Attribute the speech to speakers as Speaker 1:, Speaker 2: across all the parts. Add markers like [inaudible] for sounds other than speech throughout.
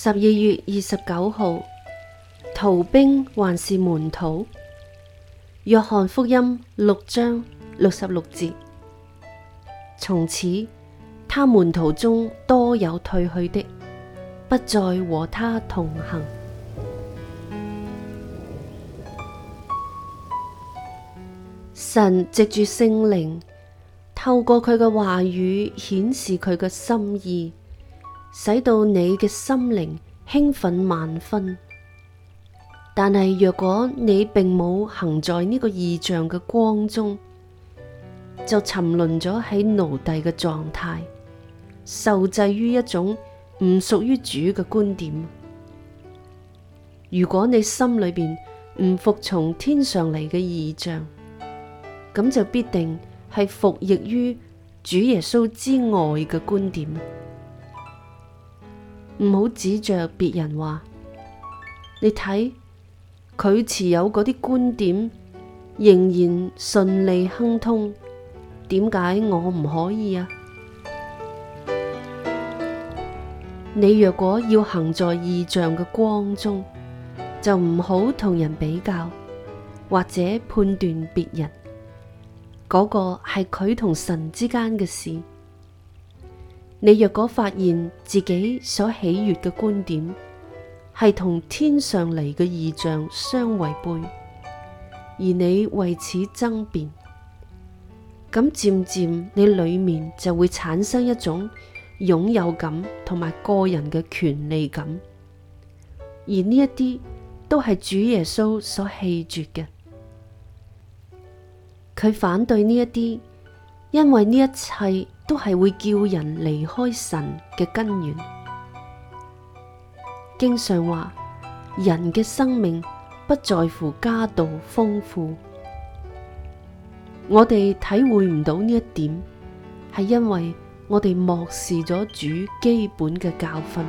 Speaker 1: 十二月二十九號，逃兵還是門徒？約翰福音六章六十六節：從此，他門徒中多有退去的，不再和他同行。神藉住聖靈，透過佢嘅話語，顯示佢嘅心意。使到你嘅心靈興奮萬分，但係若果你並冇行在呢個異象嘅光中，就沉淪咗喺奴隸嘅狀態，受制於一種唔屬於主嘅觀點。如果你心裏邊唔服從天上嚟嘅異象，咁就必定係服役於主耶穌之外嘅觀點。唔好指着別人話，你睇佢持有嗰啲觀點仍然順利亨通，點解我唔可以啊？ [music] 你若果要行在異象嘅光中，就唔好同人比較或者判斷別人，嗰個係佢同神之間嘅事。你若果發現自己所喜悅嘅觀點係同天上嚟嘅異象相違背，而你為此爭辯，咁漸漸你裏面就會產生一種擁有感同埋個人嘅權利感，而呢一啲都係主耶穌所棄絕嘅，佢反對呢一啲。因為呢一切都係會叫人離開神嘅根源。經常話，人嘅生命不在乎家道豐富，我哋體會唔到呢一點，係因為我哋漠視咗主基本嘅教訓。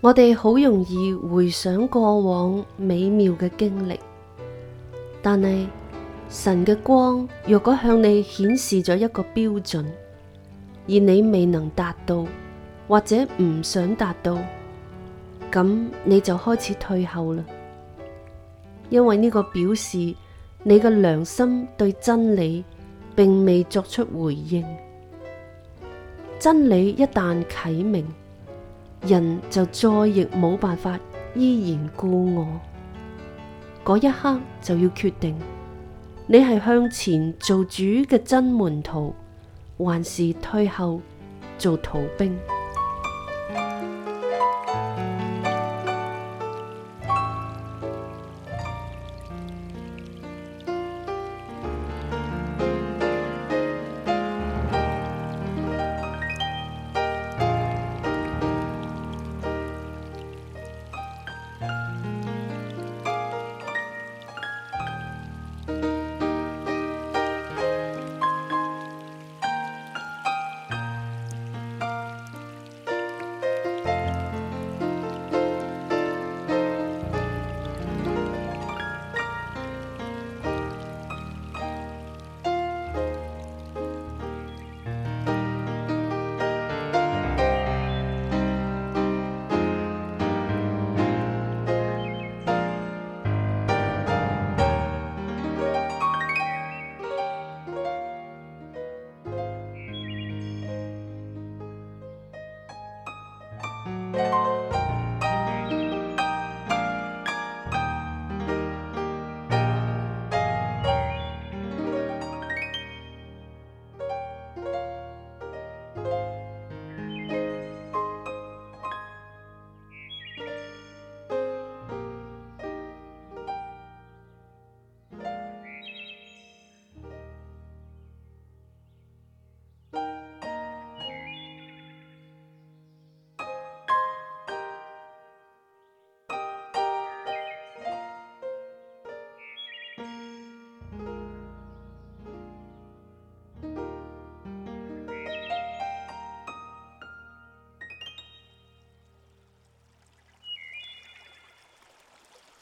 Speaker 1: 我哋好容易回想過往美妙嘅經歷。但係神嘅光若果向你顯示咗一個標準，而你未能達到或者唔想達到，咁你就開始退後啦。因為呢個表示你嘅良心對真理並未作出回應。真理一旦啟明，人就再也冇辦法依然故我。嗰一刻就要決定，你係向前做主嘅真門徒，還是退後做逃兵。